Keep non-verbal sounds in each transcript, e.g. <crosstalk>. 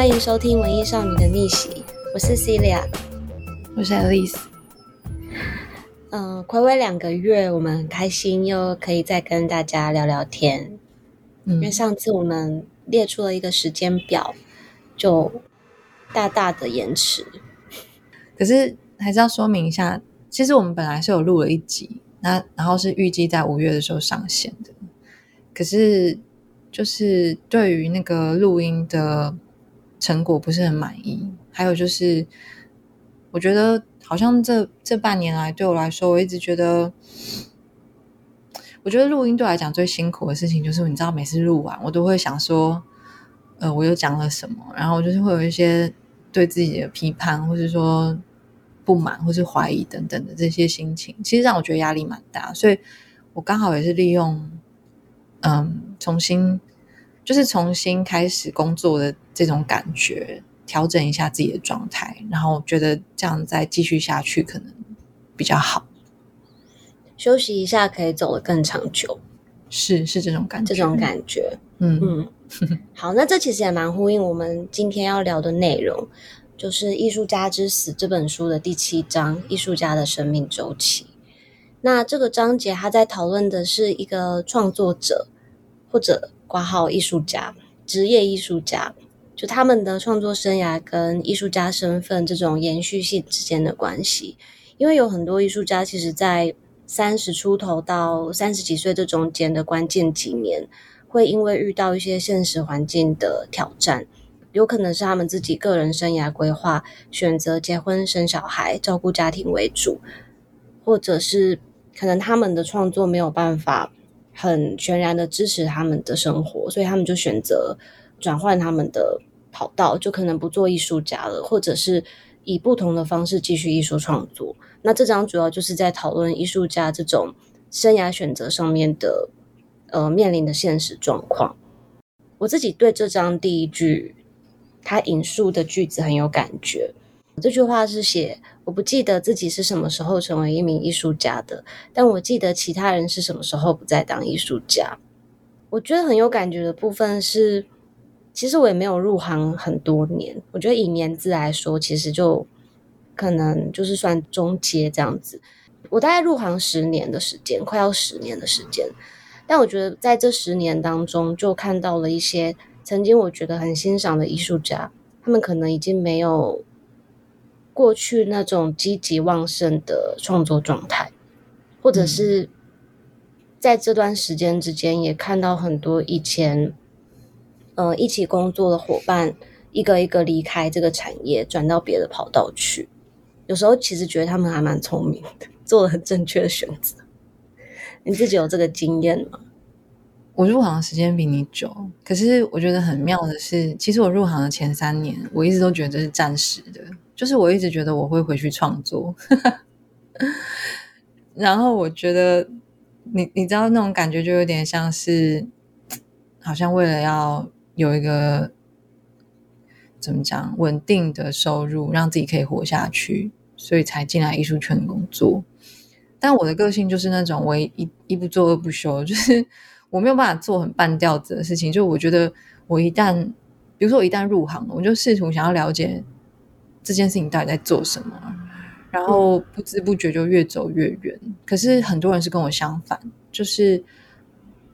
歡迎收聽《文藝少女的逆襲》，我是 Celia，我是 Alice。嗯，睽違兩個月，我們很開心又可以再跟大家聊聊天。嗯，因為上次我們列出了一個時間表，就大大的延遲。可是還是要說明一下，其實我們本來是有錄了一集，那然後是預計在五月的時候上線的。可是就是對於那個錄音的。成果不是很滿意，還有就是，我覺得好像這這半年來對我來說，我一直覺得，我覺得錄音對我來講最辛苦的事情就是，你知道，每次錄完我都會想說，呃，我又講了什麼，然後我就是會有一些對自己的批判，或是說不滿，或是懷疑等等的這些心情，其實讓我覺得壓力蠻大，所以我剛好也是利用，嗯，重新。就是重新開始工作的這種感覺，調整一下自己的狀態，然後我覺得這樣再繼續下去可能比較好。休息一下可以走得更長久，是是這種感覺，這種感覺，嗯嗯。好，那這其實也蠻呼應我們今天要聊的內容，就是《藝術家之死》這本書的第七章《藝術家的生命周期》。那這個章節他在討論的是一個創作者或者。掛號藝術家、職業藝術家，就他們的創作生涯跟藝術家身份這種延續性之間的關係。因為有很多藝術家，其實，在三十出頭到三十幾歲這中間的關鍵幾年，會因為遇到一些現實環境的挑戰，有可能是他們自己個人生涯規劃，選擇結婚生小孩、照顧家庭為主，或者是可能他們的創作沒有辦法。很全然的支持，他們的生活，所以他們就選擇轉換他們的跑道，就可能不做藝術家了，或者是以不同的方式繼續藝術創作。那這章主要就是在討論藝術家這種生涯選擇上面的，呃，面臨的現實狀況。我自己對這章第一句，他引述的句子很有感覺，這句話是寫。我不記得自己是什麼時候成為一名藝術家的，但我記得其他人是什麼時候不再當藝術家。我覺得很有感覺的部分是，其實我也沒有入行很多年。我覺得以年資來說，其實就可能就是算中階這樣子。我大概入行十年的時間，快要十年的時間。但我覺得在這十年當中，就看到了一些曾經我覺得很欣賞的藝術家，他們可能已經沒有。過去那種積極旺盛的創作狀態，或者是在這段時間之間，也看到很多以前嗯、呃、一起工作的夥伴一個一個離開這個產業，轉到別的跑道去。有時候其實覺得他們還蠻聰明的，做了很正確的選擇。你自己有這個經驗嗎？ <laughs> 我入行時間比你久，可是我覺得很妙的是，其實我入行的前三年，我一直都覺得這是暫時的，就是我一直覺得我會回去創作。呵呵。然後我覺得，你你知道那種感覺，就有點像是好像為了要有一個怎麼講穩定的收入，讓自己可以活下去，所以才進來藝術圈工作。但我的個性就是那種，我一一不做二不休，就是。我沒有辦法做很半吊子的事情，就我覺得我一旦，比如說我一旦入行，我就試圖想要了解這件事情到底在做什麼，然後不知不覺就越走越遠。嗯。可是很多人是跟我相反，就是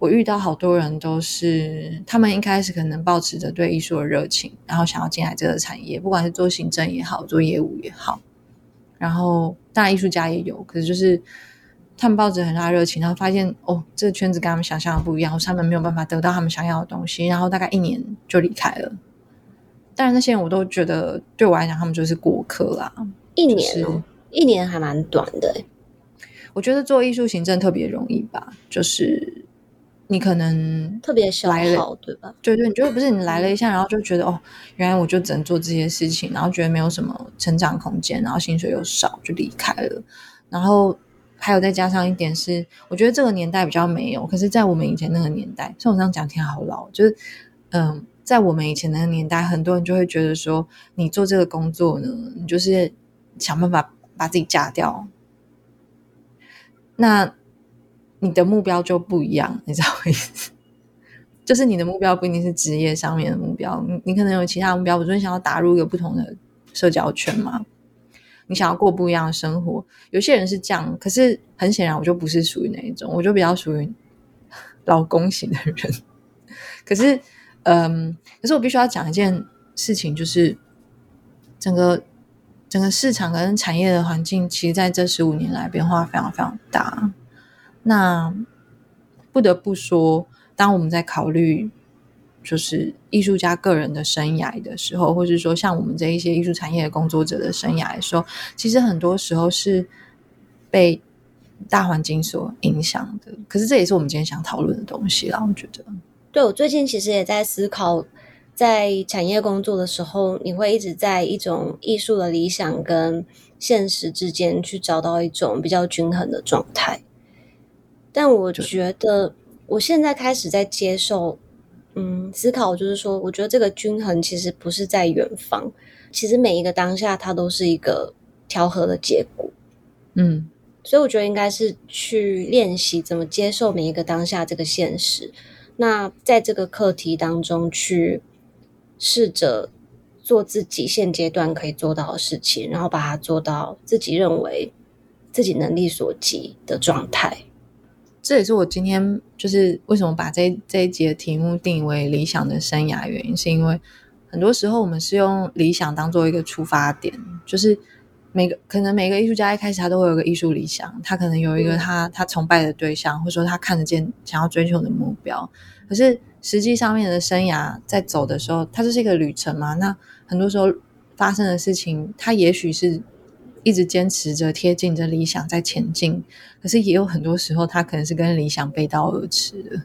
我遇到好多人都是，他們一開始可能抱持着對藝術的熱情，然後想要進來這個產業，不管是做行政也好，做業務也好，然後當然藝術家也有，可是就是。他們抱着很大熱情，然後發現哦，這個圈子跟他們想象的不一樣，是他們沒有辦法得到他們想要的東西，然後大概一年就離開了。但是，那些人我都覺得，對我來講，他們就是過客啦。一年、哦就是、一年還蠻短的、欸。我覺得做藝術行政特別容易吧，就是你可能特別來了，對吧？對對，你就不是你來了一下，然後就覺得哦，原來我就只能做這些事情，然後覺得沒有什麼成長空間，然後薪水又少，就離開了，然後。還有再加上一點是，我覺得這個年代比較沒有。可是，在我們以前那個年代，像我這樣講的挺好老，就是，嗯、呃，在我們以前那個年代，很多人就會覺得說，你做這個工作呢，你就是想辦法把自己嫁掉。那你的目標就不一樣，你知道我意思？就是你的目標不一定是職業上面的目標，你你可能有其他目標，比如想要打入一個不同的社交圈嘛。你想要過不一樣的生活，有些人是這樣，可是很顯然我就不是屬於那一種，我就比較屬於老公型的人。 <laughs> 可是，嗯，可是我必須要講一件事情，就是整個整個市場跟產業的環境，其實在這十五年來變化非常非常大。那不得不說，當我們在考慮。就是藝術家個人的生涯的時候，或是說像我們這一些藝術產業工作者的生涯的時候，其實很多時候是被大環境所影響的。可是這也是我們今天想討論的東西啦，我覺得。對，我最近其實也在思考，在產業工作的時候，你會一直在一種藝術的理想跟現實之間去找到一種比較均衡的狀態。但我覺得，我現在開始在接受。嗯，思考就是說，我覺得這個均衡其實不是在遠方，其實每一個當下它都是一個調和的結果。嗯，所以我覺得應該是去練習怎麼接受每一個當下這個現實。那在這個課題當中，去試着做自己現階段可以做到的事情，然後把它做到自己認為自己能力所及的狀態。這也是我今天就是為什麼把這這一節的題目定為理想的生涯原因，是因為很多時候我們是用理想當做一個出發點，就是每個可能每個藝術家一開始他都會有一個藝術理想，他可能有一個他、嗯、他崇拜的對象，或者說他看得見想要追求的目標。可是實際上面的生涯在走的時候，它就是一個旅程嘛。那很多時候發生的事情，它也許是。一直堅持着、貼近着理想在前進，可是也有很多時候，他可能是跟理想背道而馳的，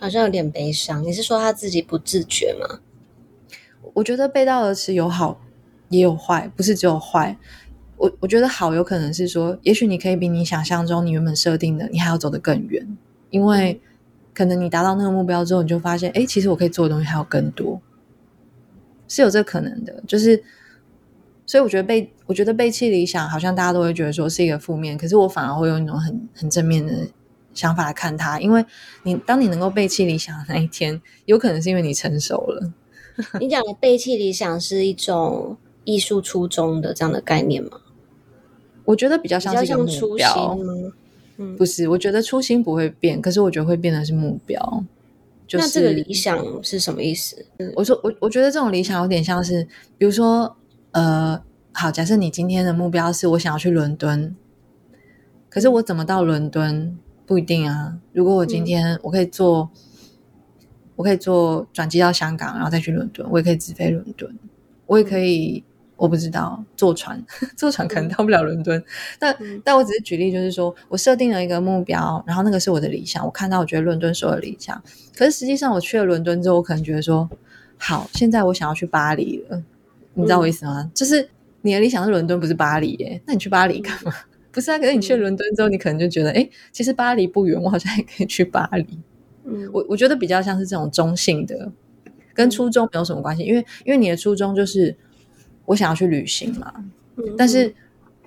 好像有點悲傷。你是說他自己不自覺嗎？我覺得背道而馳有好也有壞，不是只有壞。我我覺得好有可能是說，也許你可以比你想象中你原本設定的，你還要走得更遠，因為可能你達到那個目標之後，你就發現，哎，其實我可以做的東西還有更多，是有這可能的，就是。所以我覺得背，我覺得背棄理想，好像大家都會覺得說是一個負面。可是我反而會用一種很很正面的想法來看它，因為你當你能夠背棄理想的那一天，有可能是因為你成熟了。 <laughs> 你講的背棄理想是一種藝術初衷的這樣的概念嗎？我覺得比較像是一個目標。比較像初心嗎？嗯，不是，我覺得初心不會變，可是我覺得會變的是目標。就是、那這個理想是什麼意思？我說我我覺得這種理想有點像是，比如說。呃，好，假設你今天的目標是我想要去倫敦，可是我怎麼到倫敦不一定啊。如果我今天我可以坐，嗯、我可以坐轉機到香港，然後再去倫敦，我也可以直飛倫敦，我也可以，嗯、我不知道坐船，坐船可能到不了倫敦。嗯、但但我只是舉例，就是說我設定了一個目標，然後那個是我的理想，我看到我覺得倫敦是我的理想，可是實際上我去了倫敦之後，我可能覺得說，好，現在我想要去巴黎了。你知道我意思嗎？嗯、就是你的理想是倫敦，不是巴黎耶、欸。那你去巴黎幹嘛？嗯、不是啊，可是你去倫敦之後，你可能就覺得，哎、嗯欸，其實巴黎不遠，我好像還可以去巴黎。嗯，我我覺得比較像是這種中性的，跟初衷沒有什麼關係。因為因為你的初衷就是我想要去旅行嘛。但是、嗯、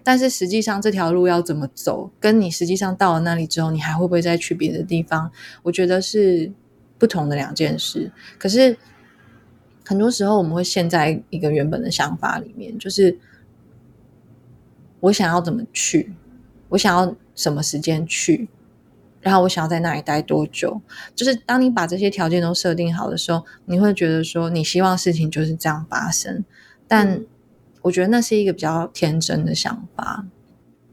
但是實際上這條路要怎麼走，跟你實際上到了那裡之後，你還會不會再去別的地方？我覺得是不同的兩件事。可是。很多時候，我們會陷在一個原本的想法裡面，就是我想要怎麼去，我想要什麼時間去，然後我想要在那裡待多久。就是當你把這些條件都設定好的時候，你會覺得說你希望事情就是這樣發生。但我覺得那是一個比較天真的想法。嗯，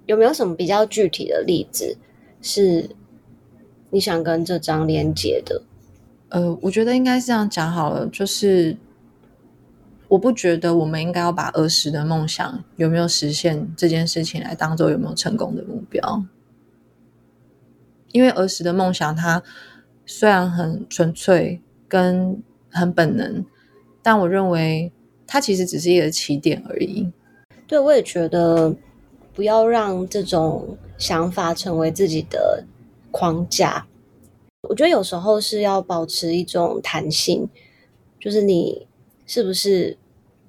有沒有什麼比較具體的例子是你想跟這章連接的？呃，我覺得應該是這樣講好了，就是我不覺得我們應該要把兒時的夢想有沒有實現這件事情來當做有沒有成功的目標，因為兒時的夢想它雖然很純粹、跟很本能，但我認為它其實只是一個起點而已。對，我也覺得不要讓這種想法成為自己的框架。我覺得有時候是要保持一種彈性，就是你是不是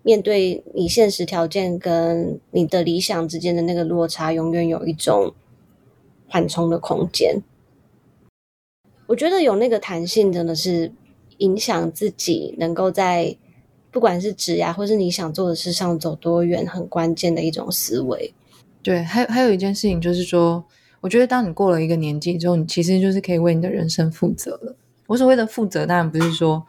面對你現實條件跟你的理想之間的那個落差，永遠有一種緩衝的空間。我覺得有那個彈性，真的是影響自己能夠在不管是職涯，或是你想做的事上走多遠，很關鍵的一種思維。對，還有還有一件事情就是說。我覺得，當你過了一個年紀之後，你其實就是可以為你的人生負責了。我所謂的負責，當然不是說，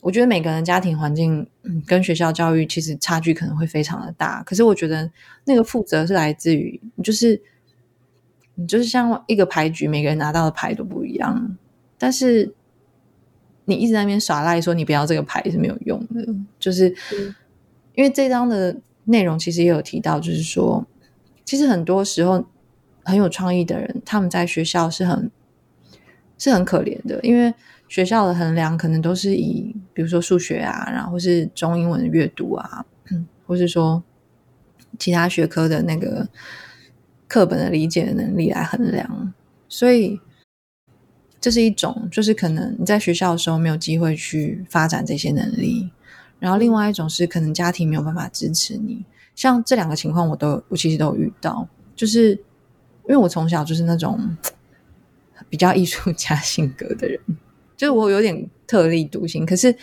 我覺得每個人家庭環境，嗯，跟學校教育其實差距可能會非常的大。可是，我覺得那個負責是來自於，就是你就是像一個牌局，每個人拿到的牌都不一樣。但是你一直在那邊耍賴說你不要這個牌是沒有用的。就是，是因為這章的內容其實也有提到，就是說，其實很多時候。很有創意的人，他們在學校是很是很可憐的，因為學校的衡量，可能都是以比如說數學啊，然後是中英文的閱讀啊，或是說其他學科的那個課本的理解的能力來衡量。所以這是一種，就是可能你在學校的時候沒有機會去發展這些能力。然後另外一種是可能家庭沒有辦法支持你，像這兩個情況，我都我其實都有遇到，就是。因為我從小就是那種比較藝術家性格的人，就是我有點特立獨行。可是，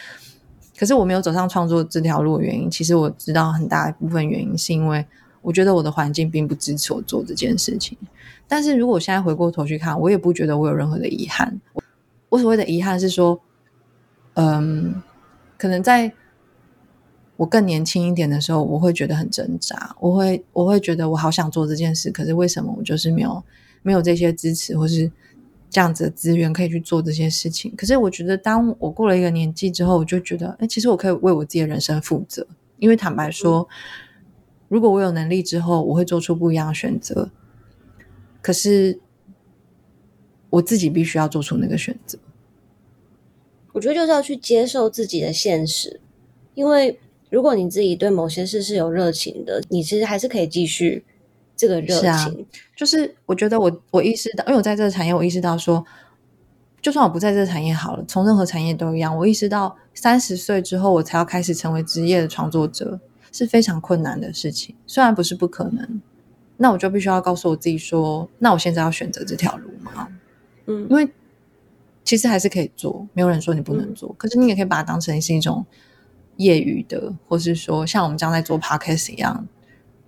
可是我沒有走上創作這條路的原因，其實我知道很大一部分原因是因為我覺得我的環境並不支持我做這件事情。但是如果我現在回過頭去看，我也不覺得我有任何的遺憾。我所謂的遺憾是說，嗯、呃，可能在。我更年輕一點的時候，我會覺得很掙扎，我會，我會覺得我好想做這件事，可是為什麼我就是沒有，沒有這些支持或是這樣子的資源可以去做這些事情？可是我覺得，當我過了一個年紀之後，我就覺得，哎，其實我可以為我自己的人生負責，因為坦白說，嗯，如果我有能力之後，我會做出不一樣的選擇。可是我自己必須要做出那個選擇。我覺得就是要去接受自己的現實，因為。如果你自己對某些事是有熱情的，你其實還是可以繼續這個熱情。是啊，就是我覺得我我意識到，因為我在這個產業，我意識到說，就算我不在這個產業好了，從任何產業都一樣，我意識到三十歲之後，我才要開始成為職業的創作者是非常困難的事情。雖然不是不可能，那我就必須要告訴我自己說，那我現在要選擇這條路嗎？嗯，因為其實還是可以做，沒有人說你不能做，嗯，可是你也可以把它當成是一種。業餘的，或是說像我們這樣在做 podcast 一樣，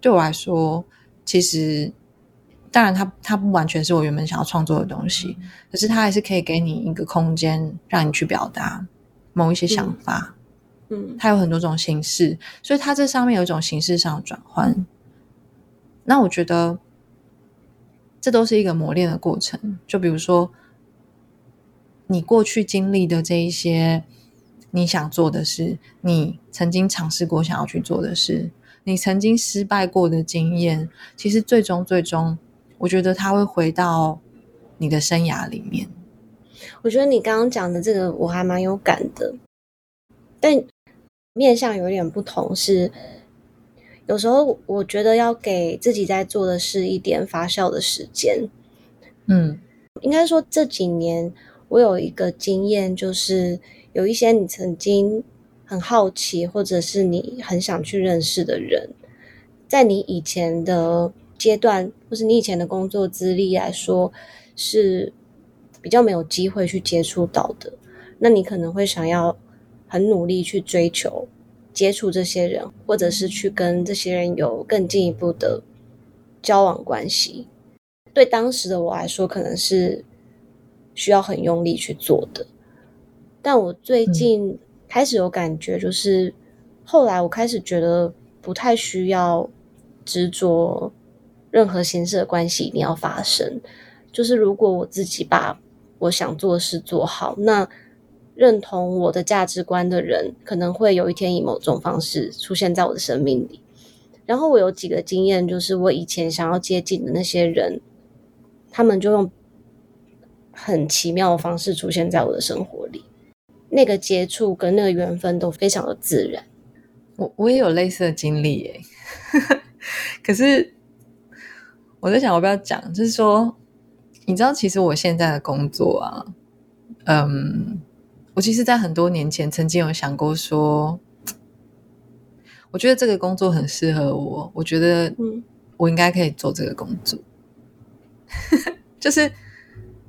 對我來說，其實當然它，它它不完全是我原本想要創作的東西，嗯、可是它還是可以給你一個空間，讓你去表達某一些想法。嗯，嗯，它有很多種形式，所以它這上面有一種形式上的轉換。那我覺得，這都是一個磨練的過程。就比如說，你過去經歷的這一些。你想做的事，你曾經嘗試過想要去做的事，你曾經失敗過的經驗，其實最終最終，我覺得它會回到你的生涯裡面。我覺得你剛剛講的這個我還蠻有感的，但面向有一點不同。是有時候我覺得要給自己在做的事一點發酵的時間。嗯，應該說這幾年我有一個經驗就是。有一些你曾經很好奇，或者是你很想去認識的人，在你以前的階段，或是你以前的工作資歷來說，是比較沒有機會去接觸到的。那你可能會想要很努力去追求接觸這些人，或者是去跟這些人有更進一步的交往關係。對當時的我來說，可能是需要很用力去做的。但我最近開始有感覺，就是後來我開始覺得不太需要執着任何形式的關係一定要發生。就是如果我自己把我想做的事做好，那認同我的價值觀的人，可能會有一天以某種方式出現在我的生命裡。然後我有幾個經驗，就是我以前想要接近的那些人，他們就用很奇妙的方式出現在我的生活裡。那個接觸跟那個緣分都非常的自然。我我也有類似的經歷欸。 <laughs> 可是我在想，我不要講，就是說，你知道，其實我現在的工作啊，嗯，我其實，在很多年前，曾經有想過說，我覺得這個工作很適合我，我覺得，我應該可以做這個工作。 <laughs> 就是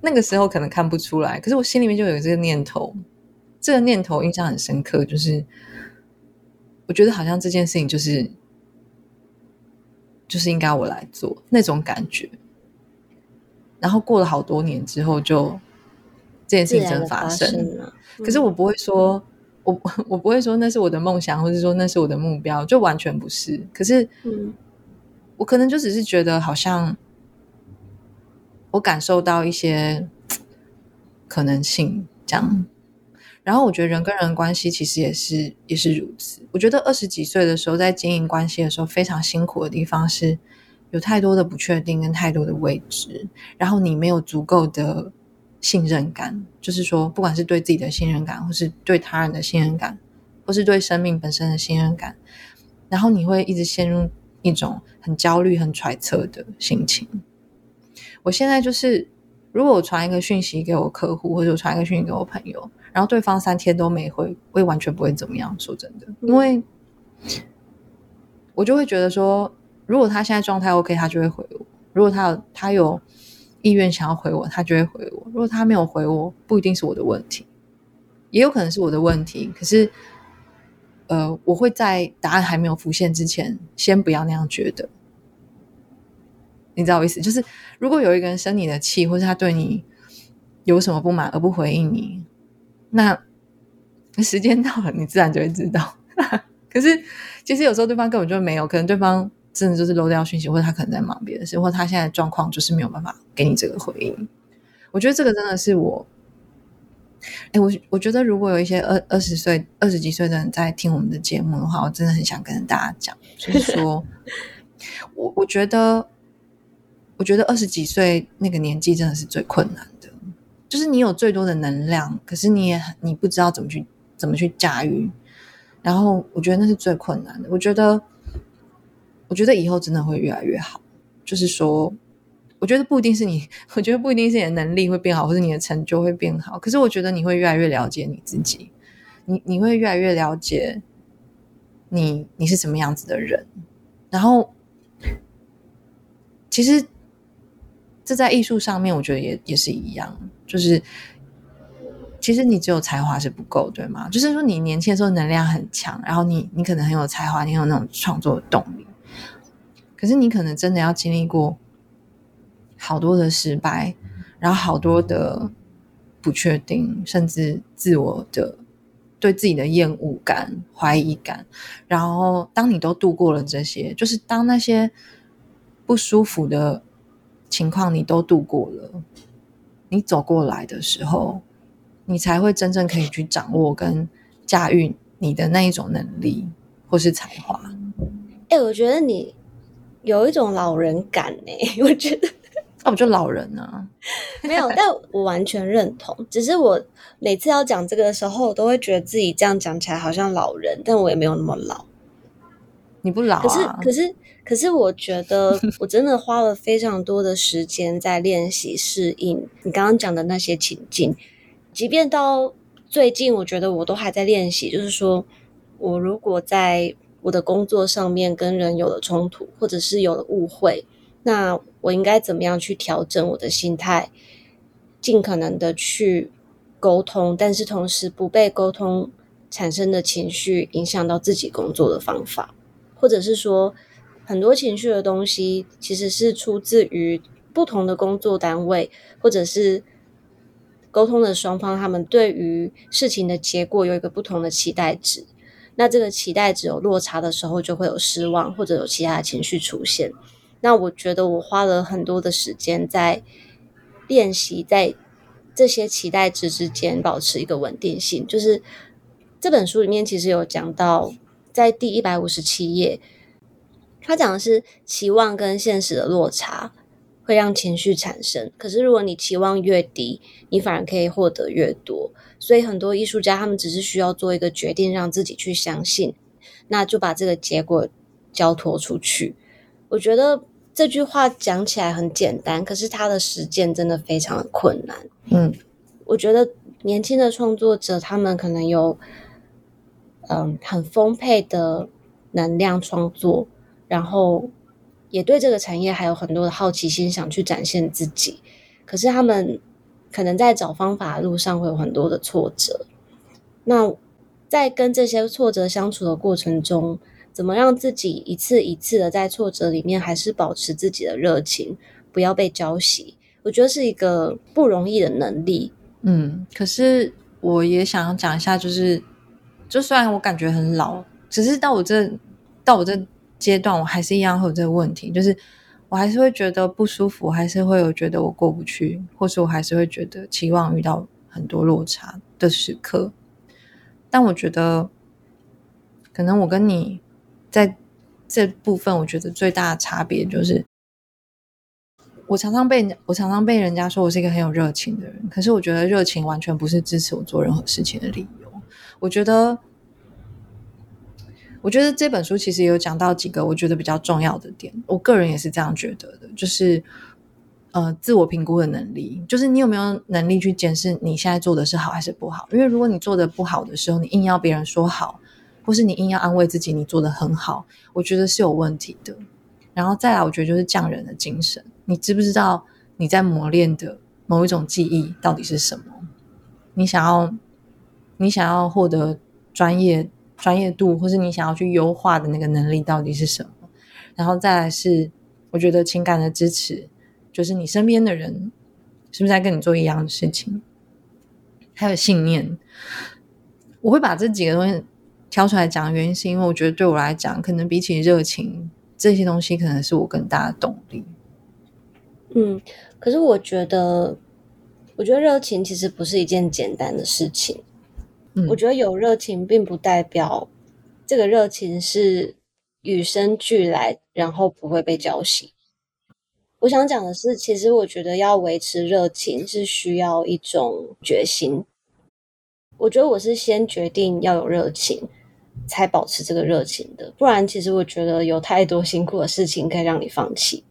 那個時候可能看不出來，可是我心裡面就有這個念頭。這個念頭印象很深刻，就是我覺得好像這件事情就是就是應該我來做那種感覺。然後過了好多年之後就，就對這件事情真發生了。生啊嗯、可是我不會說，我我不會說那是我的夢想，或是說那是我的目標，就完全不是。可是，嗯、我可能就只是覺得好像我感受到一些可能性這樣。然後我覺得人跟人關係其實也是也是如此。我覺得二十幾歲的時候，在經營關係的時候，非常辛苦的地方是有太多的不確定跟太多的未知。然後你沒有足夠的信任感，就是說，不管是對自己的信任感，或是對他人的信任感，或是對生命本身的信任感，然後你會一直陷入一種很焦慮、很揣測的心情。我現在就是，如果我傳一個訊息給我客戶，或者我傳一個訊息給我朋友。然後對方三天都沒回，我也完全不會怎麼樣。說真的，因為我就會覺得說，如果他現在狀態 OK，他就會回我；如果他有他有意願想要回我，他就會回我；如果他沒有回我，不一定是我的問題，也有可能是我的問題。可是，呃，我會在答案還沒有浮現之前，先不要那樣覺得。你知道我意思就是，如果有一個人生你的氣，或是他對你有什麼不滿而不回應你。那時間到了，你自然就會知道。 <laughs> 可是，其實有時候對方根本就沒有，可能對方真的就是漏掉訊息，或者他可能在忙別的事，或者他現在狀況就是沒有辦法給你這個回應。我覺得這個真的是我，哎、欸，我我覺得如果有一些二二十歲、二十幾歲的人在聽我們的節目的話，我真的很想跟大家講，就是說 <laughs> 我我覺得，我覺得二十幾歲那個年紀真的是最困難的。就是你有最多的能量，可是你也你不知道怎麼去怎麼去駕馭，然後我覺得那是最困難的。我覺得，我覺得以後真的會越來越好。就是說，我覺得不一定是你，我覺得不一定是你的能力會變好，或是你的成就會變好。可是我覺得你會越來越了解你自己，你你會越來越了解你你是什麼樣子的人。然後，其實。這在藝術上面，我覺得也也是一樣，就是其實你只有才華是不夠，對嗎？就是說你年輕的時候能量很強，然後你你可能很有才華，你有那種創作的動力，可是你可能真的要經歷過好多的失敗，然後好多的不確定，甚至自我的對自己的厭惡感、懷疑感，然後當你都度過了這些，就是當那些不舒服的。情況你都度過了，你走過來的時候，你才會真正可以去掌握跟駕馭你的那一種能力或是才華。哎、欸，我覺得你有一種老人感呢、欸。我覺得那、啊、我就老人啊， <laughs> 沒有，但我完全認同。只是我每次要講這個的時候，我都會覺得自己這樣講起來好像老人，但我也沒有那麼老。你不老、啊可，可是可是。可是我覺得我真的花了非常多的時間在練習適應你剛剛講的那些情境，即便到最近，我覺得我都還在練習。就是說我如果在我的工作上面跟人有了衝突，或者是有了誤會，那我應該怎麼樣去調整我的心態，盡可能的去溝通，但是同時不被溝通產生的情緒影響到自己工作的方法，或者是說。很多情緒的東西，其實是出自於不同的工作單位，或者是溝通的雙方，他們對於事情的結果有一個不同的期待值。那這個期待值有落差的時候，就會有失望，或者有其他的情緒出現。那我覺得我花了很多的時間在練習，在這些期待值之間保持一個穩定性。就是這本書裡面其實有講到，在第一百五十七頁。他講的是期望跟現實的落差，會讓情緒產生，可是如果你期望越低，你反而可以獲得越多。所以很多藝術家他們只是需要做一個決定，讓自己去相信，那就把這個結果交託出去。我覺得這句話講起來很簡單，可是它的實踐真的非常的困難。嗯，我覺得年輕的創作者他們可能有，嗯，很豐沛的能量創作。然後也對這個產業還有很多的好奇心，想去展現自己。可是他們可能在找方法的路上會有很多的挫折。那在跟這些挫折相處的過程中，怎麼讓自己一次一次的在挫折裡面還是保持自己的熱情，不要被澆熄？我覺得是一個不容易的能力。嗯，可是我也想要講一下，就是，就算我感覺很老，只是到我這，到我這。階段我還是一樣會有這個問題，就是我還是會覺得不舒服，還是會有覺得我過不去，或是我還是會覺得期望遇到很多落差的時刻。但我覺得，可能我跟你在這部分，我覺得最大的差別就是，我常常被人，我常常被人家說我是一個很有熱情的人，可是我覺得熱情完全不是支持我做任何事情的理由。我覺得。我覺得這本書其實有講到幾個我覺得比較重要的點，我個人也是這樣覺得的，就是呃自我評估的能力，就是你有沒有能力去檢視你現在做的是好還是不好，因為如果你做的不好的時候，你硬要別人說好，或是你硬要安慰自己你做的很好，我覺得是有問題的。然後再來，我覺得就是匠人的精神，你知不知道你在磨練的某一種技藝到底是什麼？你想要，你想要獲得專業。專業度，或是你想要去優化的那個能力到底是什麼？然後再來是，我覺得情感的支持，就是你身邊的人是不是在跟你做一樣的事情？還有信念，我會把這幾個東西挑出來講原因，是因為我覺得對我來講，可能比起熱情，這些東西可能是我更大的動力。嗯，可是我覺得，我覺得熱情其實不是一件簡單的事情。嗯、我覺得有熱情並不代表這個熱情是與生俱來，然後不會被澆熄。我想講的是，其實我覺得要維持熱情是需要一種決心。我覺得我是先決定要有熱情，才保持這個熱情的。不然，其實我覺得有太多辛苦的事情可以讓你放棄。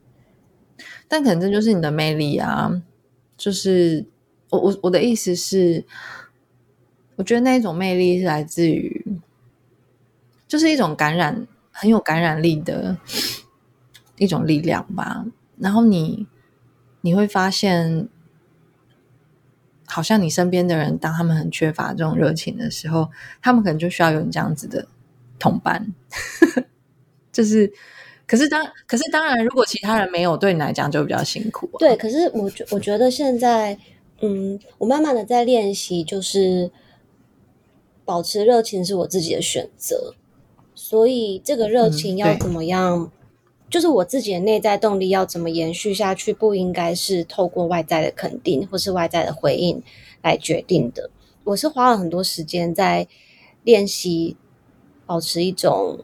但反正就是你的魅力啊！就是我我我的意思是。我覺得那一種魅力是來自於，就是一種感染，很有感染力的一種力量吧。然後你你會發現，好像你身邊的人，當他們很缺乏這種熱情的時候，他們可能就需要有你這樣子的同伴。 <laughs> 就是，可是當可是當然，如果其他人沒有，對你來講就比較辛苦啊。對，可是我我覺得現在，嗯，我慢慢的在練習，就是。保持熱情是我自己的選擇，所以這個熱情要怎麼樣，嗯、就是我自己的內在動力要怎麼延續下去，不應該是透過外在的肯定或是外在的回應來決定的。我是花了很多時間在練習保持一種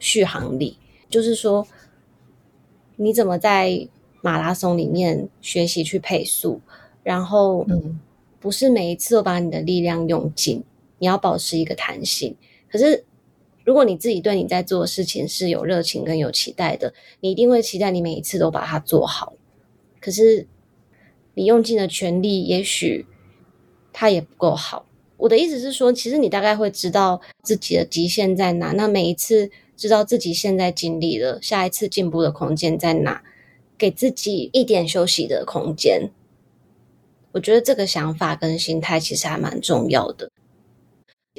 續航力，就是說你怎麼在馬拉松裡面學習去配速，然後、嗯嗯、不是每一次都把你的力量用盡。你要保持一個彈性，可是如果你自己對你在做的事情是有熱情跟有期待的，你一定會期待你每一次都把它做好。可是你用盡了全力，也許它也不夠好。我的意思是說，其實你大概會知道自己的極限在哪，那每一次知道自己現在經歷了，下一次進步的空間在哪，給自己一點休息的空間。我覺得這個想法跟心態其實還蠻重要的。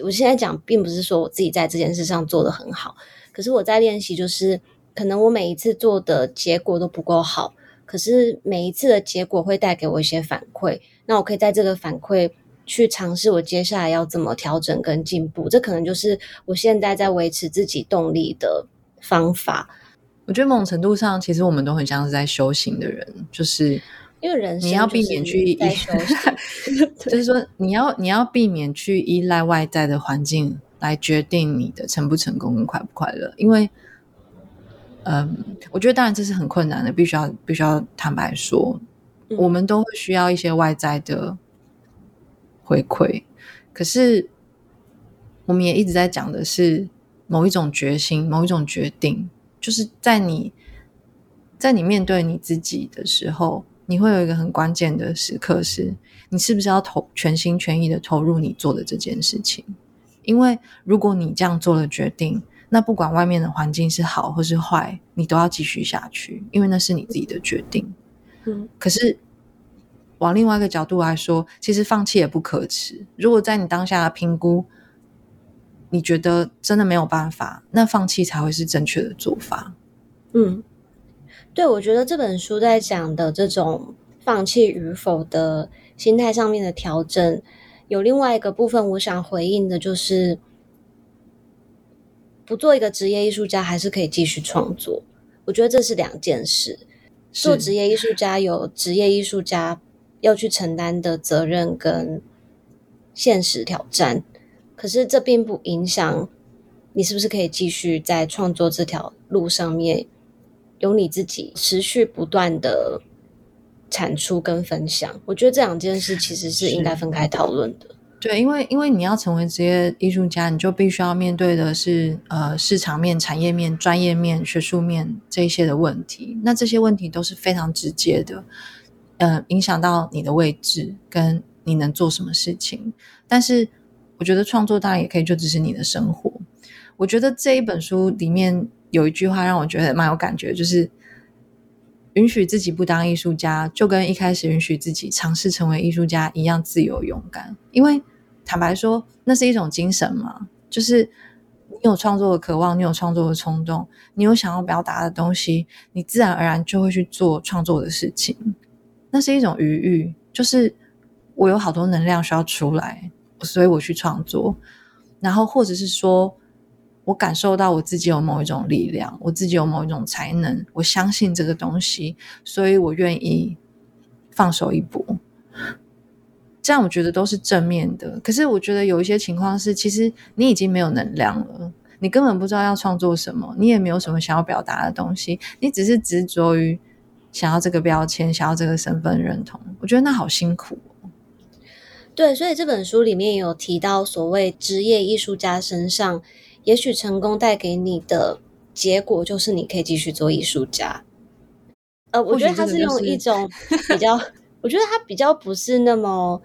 我現在講，並不是說我自己在這件事上做得很好，可是我在練習，就是可能我每一次做的結果都不夠好，可是每一次的結果會帶給我一些反饋，那我可以在這個反饋去嘗試我接下來要怎麼調整跟進步，這可能就是我現在在維持自己動力的方法。我覺得某程度上，其實我們都很像是在修行的人，就是。人你，你要避免去依賴，依依 <laughs> 就是說你要你要避免去依賴外在的環境來決定你的成不成功跟快不快樂。因為，嗯，我覺得當然這是很困難的，必須要必須要坦白說，我們都需要一些外在的回饋。嗯、可是，我們也一直在講的是某一種決心，某一種決定，就是在你在你面對你自己的時候。你會有一個很關鍵的時刻是，是你是不是要投全心全意的投入你做的這件事情？因為如果你這樣做了決定，那不管外面的環境是好或是壞，你都要繼續下去，因為那是你自己的決定。嗯。可是，往另外一個角度來說，其實放棄也不可恥。如果在你當下的評估，你覺得真的沒有辦法，那放棄才會是正確的做法。嗯。對，我覺得這本書在講的這種放棄與否的心態上面的調整，有另外一個部分，我想回應的就是，不做一個職業藝術家，還是可以繼續創作。我覺得這是兩件事。做職業藝術家有職業藝術家要去承擔的責任跟現實挑戰，可是這並不影響你是不是可以繼續在創作這條路上面。由你自己持續不斷的產出跟分享，我覺得這兩件事其實是應該分開討論的。對，因為因為你要成為職業藝術家，你就必須要面對的是呃市場面、產業面、專業面、學術面這些的問題。那這些問題都是非常直接的，嗯、呃，影響到你的位置跟你能做什麼事情。但是我覺得創作當然也可以就只是你的生活。我覺得這一本書裡面。有一句話讓我覺得蠻有感覺，就是允許自己不當藝術家，就跟一開始允許自己嘗試成為藝術家一樣自由勇敢。因為坦白說，那是一種精神嘛，就是你有創作的渴望，你有創作的衝動，你有想要表達的東西，你自然而然就會去做創作的事情。那是一種愉悅，就是我有好多能量需要出來，所以我去創作。然後或者是說。我感受到我自己有某一種力量，我自己有某一種才能，我相信這個東西，所以我願意放手一搏。這樣我覺得都是正面的。可是我覺得有一些情況是，其實你已經沒有能量了，你根本不知道要創作什麼，你也沒有什麼想要表達的東西，你只是執着於想要這個標籤，想要這個身份認同。我覺得那好辛苦哦。對，所以這本書裡面有提到所謂職業藝術家身上。也許成功帶給你的結果就是你可以繼續做藝術家，呃，我覺得他是用一種比較，我覺得他比較不是那麼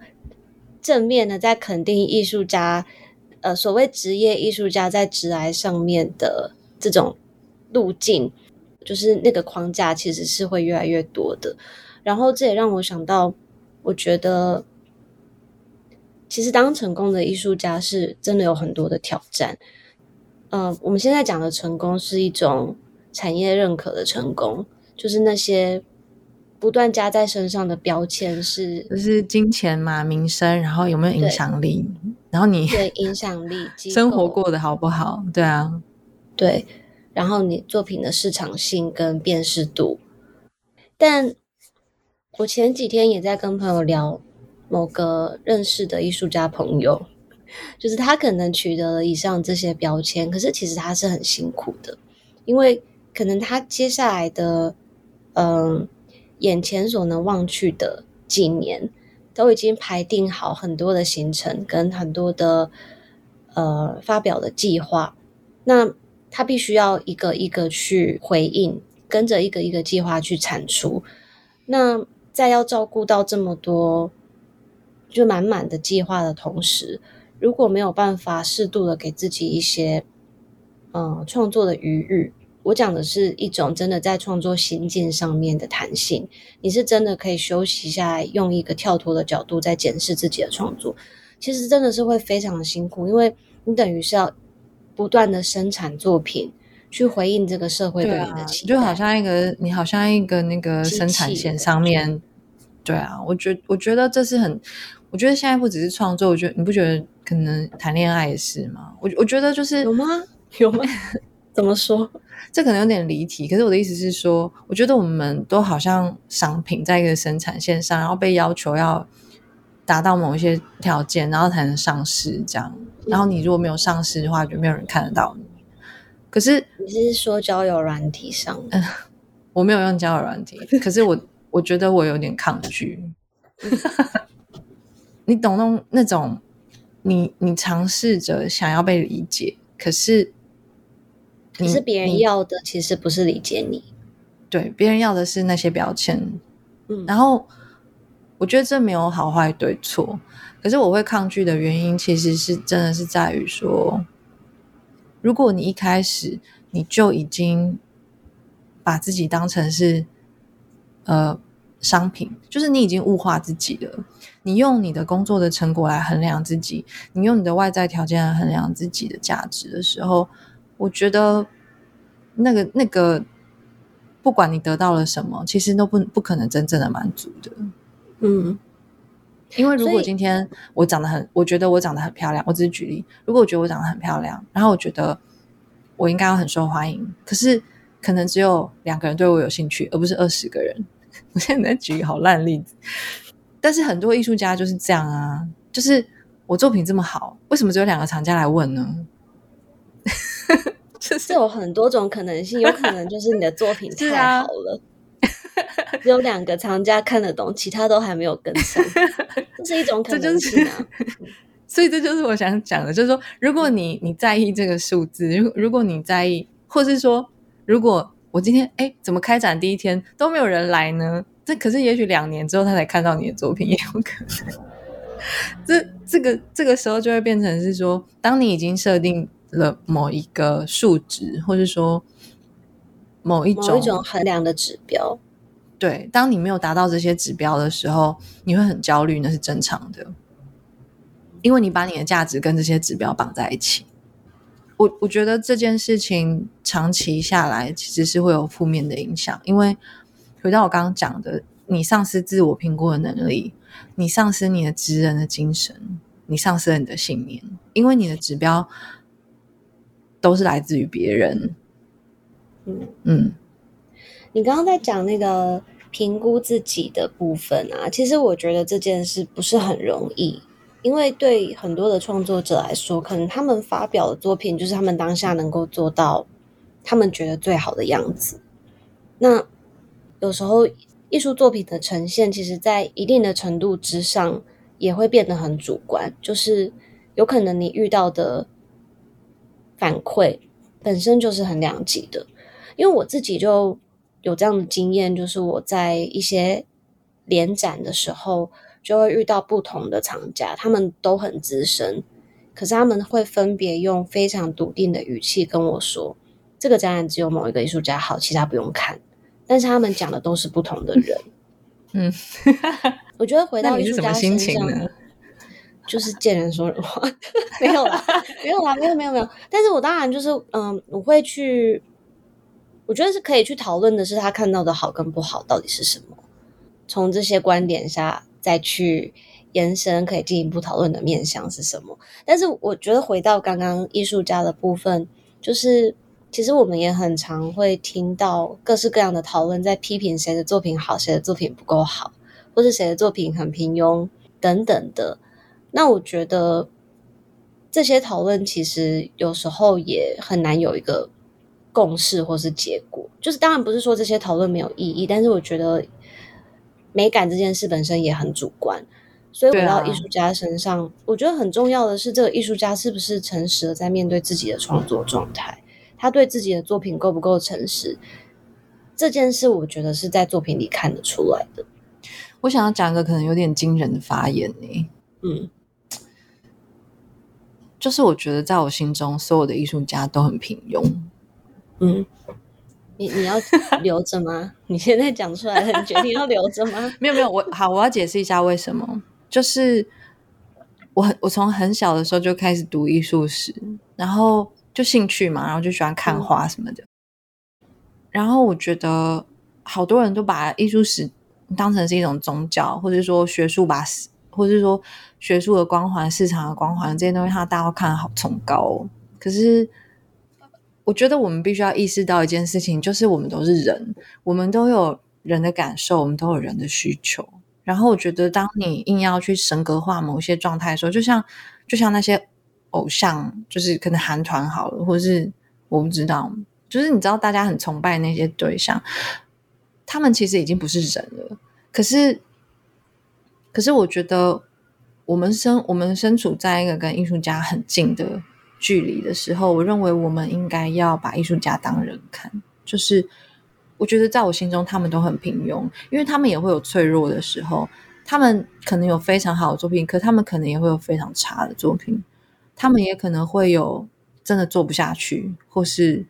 正面的在肯定藝術家，呃，所謂職業藝術家在職涯上面的這種路徑，就是那個框架其實是會越來越多的。然後這也讓我想到，我覺得其實當成功的藝術家是真的有很多的挑戰。嗯、呃，我們現在講的成功是一種產業認可的成功，就是那些不斷加在身上的標籤是，就是金錢嘛、名聲，然後有沒有影響力，對然後你對影響力、生活過得好不好，對啊，對，然後你作品的市場性跟辨識度。但我前幾天也在跟朋友聊某個認識的藝術家朋友。就是他可能取得了以上這些標籤，可是其實他是很辛苦的，因為可能他接下來的，嗯、呃，眼前所能望去的幾年，都已經排定好很多的行程跟很多的，呃，發表的計劃。那他必須要一個一個去回應，跟着一個一個計劃去產出。那在要照顧到這麼多，就滿滿的計劃的同時。如果沒有辦法適度的給自己一些嗯，創作的餘裕，我講的是一種真的在創作心境上面的彈性。你是真的可以休息下來用一個跳脫的角度在檢視自己的創作，其實真的是會非常的辛苦，因為你等於是要不斷的生產作品去回應這個社會對你的期待。對啊，就好像一個你好像一個那個生產線上面，對啊，我覺得我覺得這是很。我覺得現在，不只是創作，我覺得你不覺得可能談戀愛也是嗎？我我覺得就是有嗎？有嗎？怎麼說？ <laughs> 這可能有點離題。可是我的意思是說，我覺得我們都好像商品在一個生產線上，然後被要求要達到某一些條件，然後才能上市這樣。然後你如果沒有上市的話，就沒有人看得到你。可是你是說交友軟體上的？嗯， <laughs> 我沒有用交友軟體。可是我我覺得我有點抗拒。 <laughs> 你懂那種你，你你嘗試着想要被理解，可是你可是別人要的，其實不是理解你。你對，別人要的是那些標籤。嗯，然後我覺得這沒有好壞對錯，可是我會抗拒的原因，其實是真的是在於說，如果你一開始你就已經把自己當成是呃商品，就是你已經物化自己了。你用你的工作的成果來衡量自己，你用你的外在條件來衡量自己的價值的時候，我覺得那個那個，不管你得到了什麼，其實都不不可能真正的滿足的。嗯，因為如果今天我長得很，以我覺得我長得很漂亮，我只是舉例。如果我覺得我長得很漂亮，然後我覺得我應該要很受歡迎，可是可能只有兩個人對我有興趣，而不是二十個人。我現在在舉一個好爛例子。但是很多藝術家就是這樣啊，就是我作品這麼好，為什麼只有兩個藏家來問呢？ <laughs> 就是、這是有很多種可能性，有可能就是你的作品太好了， <laughs> 是啊、 <laughs> 只有兩個藏家看得懂，其他都還沒有跟上，這、就是一種，可能性、啊。性、 <laughs> 就是、所以這就是我想講的，就是說，如果你你在意這個數字，如如果你在意，或是說，如果我今天哎、欸、怎麼開展第一天都沒有人來呢？這可是，也許兩年之後他才看到你的作品，也有可能這，這這個這個時候就會變成是說，當你已經設定了某一個數值，或是說某一種某一種衡量的指標，對，當你沒有達到這些指標的時候，你會很焦慮，那是正常的，因為你把你的價值跟這些指標綁在一起。我我覺得這件事情長期下來其實是會有負面的影響，因為。回到我剛剛講的，你喪失自我評估的能力，你喪失你的職人的精神，你喪失了你的信念，因為你的指標都是來自於別人。嗯嗯，嗯，你剛剛在講那個評估自己的部分啊，其實我覺得這件事不是很容易，因為對很多的創作者來說，可能他們發表的作品就是他們當下能夠做到他們覺得最好的樣子。那。有時候，藝術作品的呈現，其實在一定的程度之上，也會變得很主觀。就是有可能你遇到的反饋本身就是很兩極的。因為我自己就有這樣的經驗，就是我在一些聯展的時候，就會遇到不同的藏家，他們都很資深，可是他們會分別用非常篤定的語氣跟我說：“這個展覽只有某一個藝術家好，其他不用看。”但是他們講的都是不同的人，嗯， <laughs> 我覺得回到藝術家身上，是心情呢就是見人說人話， <laughs> 沒有啦，沒有啦，沒有沒有沒有。 <laughs> 但是我當然就是，嗯，我會去，我覺得是可以去討論的是他看到的好跟不好到底是什麼，從這些觀點下再去延伸，可以進一步討論的面向是什麼。但是我覺得回到剛剛藝術家的部分，就是。其實我們也很常會聽到各式各樣的討論，在批評誰的作品好，誰的作品不夠好，或是誰的作品很平庸等等的。那我覺得這些討論其實有時候也很難有一個共識或是結果。就是當然不是說這些討論沒有意義，但是我覺得美感這件事本身也很主觀，所以回到藝術家身上，啊、我覺得很重要的是這個藝術家是不是誠實的在面對自己的創作狀態。他對自己的作品夠不夠誠實這件事，我覺得是在作品裡看得出來的。我想要講一個可能有點驚人的發言呢、欸。嗯，就是我覺得在我心中，所有的藝術家都很平庸。嗯，你你要留着嗎？ <laughs> 你現在講出來很絕，你覺得你要留着嗎？ <laughs> 沒有沒有，我好，我要解釋一下為什麼。就是我我從很小的時候就開始讀藝術史，然後。就興趣嘛，然後就喜歡看花什麼的。嗯。然後我覺得好多人都把藝術史當成是一種宗教，或者說學術把，或者說學術的光環、市場的光環這些東西，它大家都看得好崇高哦。可是，我覺得我們必須要意識到一件事情，就是我們都是人，我們都有人的感受，我們都有人的需求。然後我覺得，當你硬要去神格化某些狀態的時候，就像就像那些。偶像，就是可能韓團好了，或是我不知道，就是你知道大家很崇拜那些對象，他們其實已經不是人了。可是，可是我覺得我們身我們身處在一個跟藝術家很近的距離的時候，我認為我們應該要把藝術家當人看。就是我覺得在我心中，他們都很平庸，因為他們也會有脆弱的時候，他們可能有非常好的作品，可他們可能也會有非常差的作品。他們也可能會有真的做不下去，或是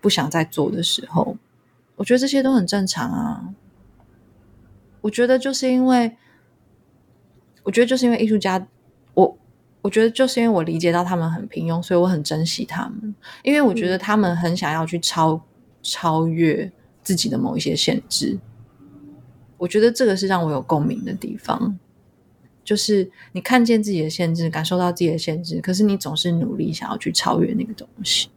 不想再做的時候，我覺得這些都很正常啊。我覺得就是因為，我覺得就是因為藝術家，我我覺得就是因為我理解到他們很平庸，所以我很珍惜他們，因為我覺得他們很想要去超超越自己的某一些限制。我覺得這個是讓我有共鳴的地方。就是你看見自己的限制，感受到自己的限制，可是你總是努力想要去超越那個東西。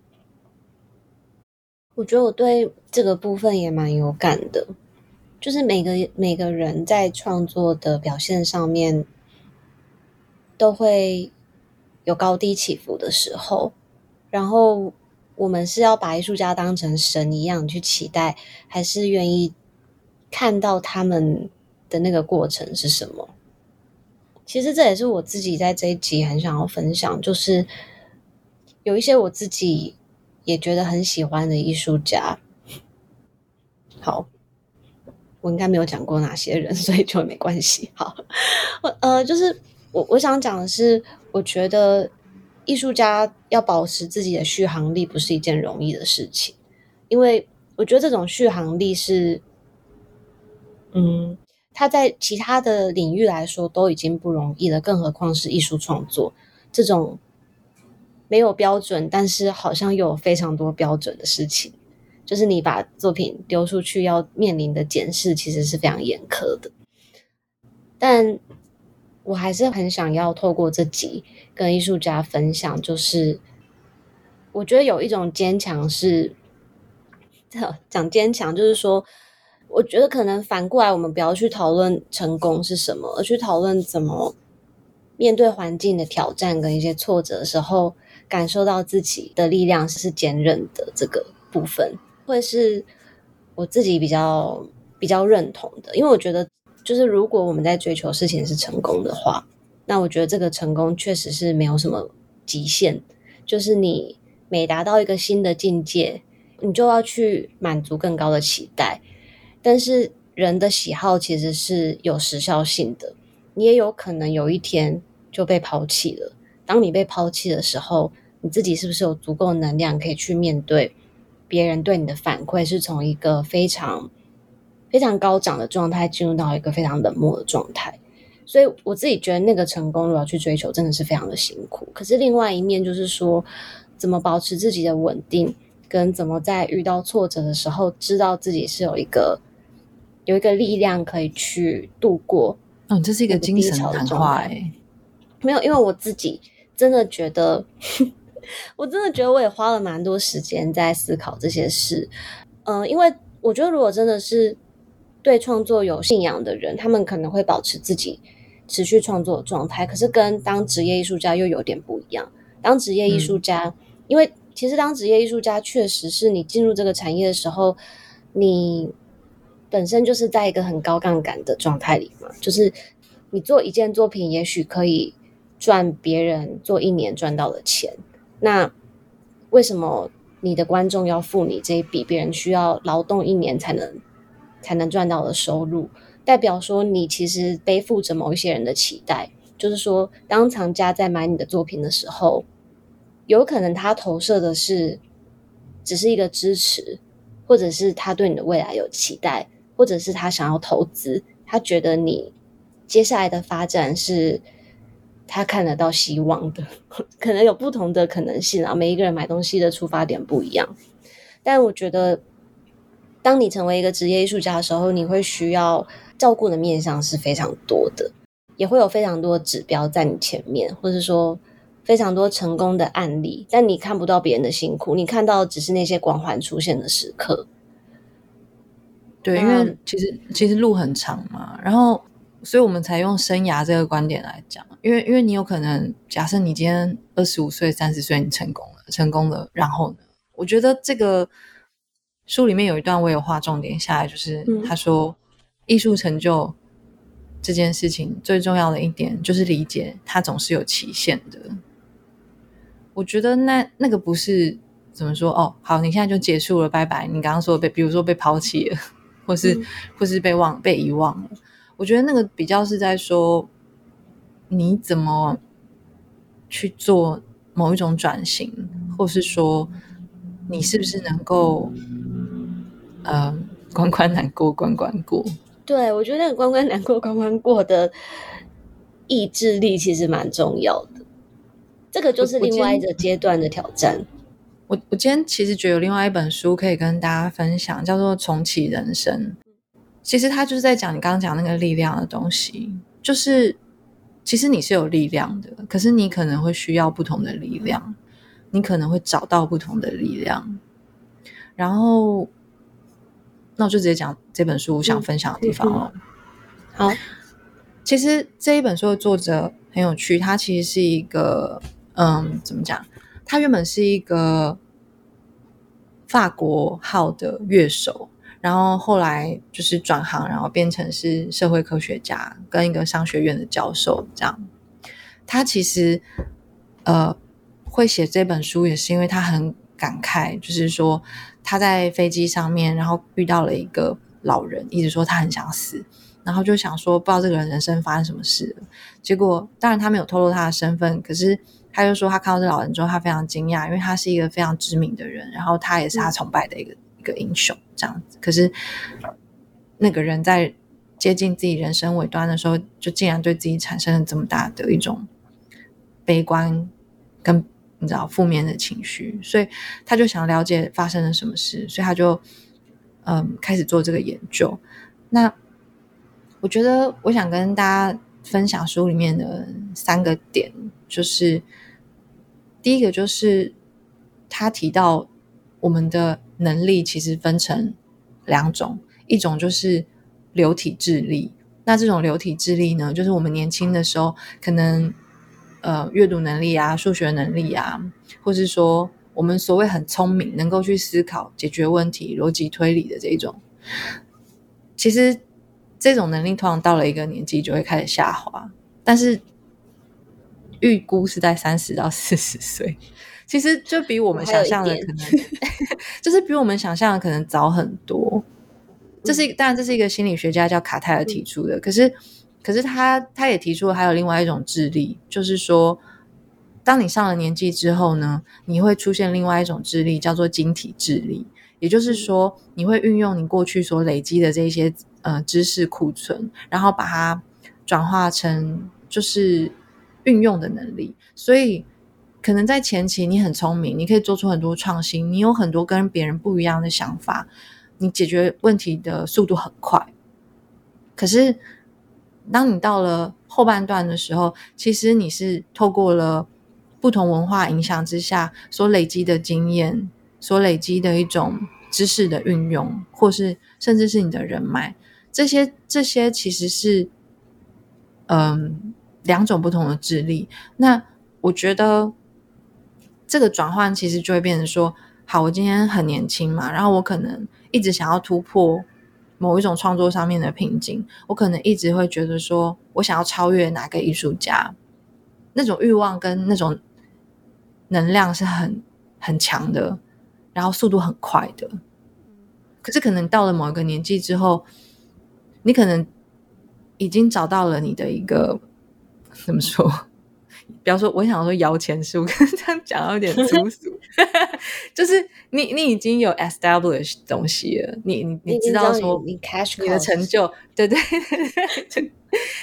我覺得我對這個部分也蠻有感的，就是每個每個人在創作的表現上面都會有高低起伏的時候。然後我們是要把藝術家當成神一樣去期待，還是願意看到他們的那個過程是什麼？其實這也是我自己在這一集很想要分享，就是有一些我自己也覺得很喜歡的藝術家。好，我應該沒有講過哪些人，所以就沒關係。好，我呃，就是我我想講的是，我覺得藝術家要保持自己的續航力不是一件容易的事情，因為我覺得這種續航力是，嗯。他在其他的領域來說都已經不容易了，更何況是藝術創作這種沒有標準，但是好像又有非常多標準的事情，就是你把作品丟出去要面臨的檢視，其實是非常嚴苛的。但我還是很想要透過這集跟藝術家分享，就是我覺得有一種堅強是講堅強，就是說。我覺得可能反過來，我們不要去討論成功是什麼，而去討論怎麼面對環境的挑戰跟一些挫折的時候，感受到自己的力量是堅韌的這個部分，會是我自己比較比較認同的。因為我覺得，就是如果我們在追求事情是成功的話，那我覺得這個成功確實是沒有什麼極限，就是你每達到一個新的境界，你就要去滿足更高的期待。但是人的喜好其實是有時效性的，你也有可能有一天就被拋棄了。當你被拋棄的時候，你自己是不是有足夠能量可以去面對別人對你的反饋？是從一個非常非常高漲的狀態進入到一個非常冷漠的狀態。所以我自己覺得，那個成功如果要去追求，真的是非常的辛苦。可是另外一面就是說，怎麼保持自己的穩定，跟怎麼在遇到挫折的時候，知道自己是有一個。有一個力量可以去度過，嗯，這是一個精神喊話、欸，沒有，因為我自己真的覺得， <laughs> 我真的覺得我也花了蠻多時間在思考這些事，嗯、呃，因為我覺得如果真的是對創作有信仰的人，他們可能會保持自己持續創作的狀態，可是跟當職業藝術家又有點不一樣。當職業藝術家，嗯、因為其實當職業藝術家確實是你進入這個產業的時候，你。本身就是在一個很高槓桿的狀態裡嘛，就是你做一件作品，也許可以賺別人做一年賺到的錢。那為什麼你的觀眾要付你這一筆別人需要勞動一年才能才能賺到的收入？代表說你其實背負着某一些人的期待，就是說當藏家在買你的作品的時候，有可能他投射的是只是一個支持，或者是他對你的未來有期待。或者是他想要投資，他覺得你接下來的發展是他看得到希望的，可能有不同的可能性啊。每一個人買東西的出發點不一樣，但我覺得，當你成為一個職業藝術家的時候，你會需要照顧的面向是非常多的，也會有非常多指標在你前面，或是說非常多成功的案例，但你看不到別人的辛苦，你看到只是那些光環出現的時刻。對，因為其實其實路很長嘛，然後所以我們才用生涯這個觀點來講，因為因為你有可能假設你今天二十五歲、三十歲你成功了，成功了，然後呢，我覺得這個書裡面有一段我有畫重點下來，就是他說、嗯、藝術成就這件事情最重要的一點就是理解它總是有期限的。我覺得那那個不是怎麼說哦，好，你現在就結束了，拜拜。你剛剛說的被，比如說被拋棄了。或是、嗯、或是被忘被遺忘了，我覺得那個比較是在說你怎麼去做某一種轉型，或是說你是不是能夠呃關關難過關關過。對，我覺得那個關關難過關關過的意志力其實蠻重要的，這個就是另外一個階段的挑戰。我我今天其實覺得有另外一本書可以跟大家分享，叫做《重啟人生》。其實他就是在講你剛剛講那個力量的東西，就是其實你是有力量的，可是你可能會需要不同的力量，你可能會找到不同的力量。然後，那我就直接講這本書我想分享的地方了。嗯、好，其實這一本書的作者很有趣，他其實是一個嗯，怎麼講？他原本是一個。法國號的樂手，然後後來就是轉行，然後變成是社會科學家，跟一個商學院的教授這樣。他其實呃，會寫這本書也是因為他很感慨，就是說他在飛機上面，然後遇到了一個。老人一直說他很想死，然後就想說不知道這個人人生發生什麼事了。結果當然他沒有透露他的身份，可是他就說他看到這老人之後，他非常驚訝，因為他是一個非常知名的人，然後他也是他崇拜的一個、嗯、一個英雄這樣子。可是那個人在接近自己人生尾端的時候，就竟然對自己產生了這麼大的一種悲觀跟你知道負面的情緒，所以他就想了解發生了什麼事，所以他就。嗯，開始做這個研究。那我覺得，我想跟大家分享書裡面的三個點，就是第一個，就是他提到我們的能力其實分成兩種，一種就是流體智力。那這種流體智力呢，就是我們年輕的時候，可能，呃，閱讀能力啊、數學能力啊，或是說。我們所謂很聰明，能夠去思考、解決問題、邏輯推理的這種，其實這種能力通常到了一個年紀就會開始下滑，但是預估是在三十到四十歲，其實就比我們想象的可能， <laughs> 就是比我們想象的可能早很多。這是一個當然，這是一個心理學家叫卡泰爾提出的，嗯，可是可是他他也提出還有另外一種智力，就是說。當你上了年紀之後呢，你會出現另外一種智力，叫做晶體智力。也就是說，你會運用你過去所累積的這些呃知識庫存，然後把它轉化成就是運用的能力。所以，可能在前期你很聰明，你可以做出很多創新，你有很多跟別人不一樣的想法，你解決問題的速度很快。可是，當你到了後半段的時候，其實你是透過了。不同文化影響之下所累積的經驗，所累積的一種知識的運用，或是甚至是你的人脈，這些這些其實是，嗯、呃，兩種不同的智力。那我覺得這個轉換其實就會變成說，好，我今天很年輕嘛，然後我可能一直想要突破某一種創作上面的瓶頸，我可能一直會覺得說我想要超越哪個藝術家，那種慾望跟那種。能量是很很強的，然後速度很快的。可是，可能到了某一個年紀之後，你可能已經找到了你的一個怎麼說？比方說，我想說“搖錢樹”，跟這樣講有點粗俗。 <laughs> <laughs> 就是你，你已經有 establish 東西了，你你你知道說你的成就，對對，對，對，對，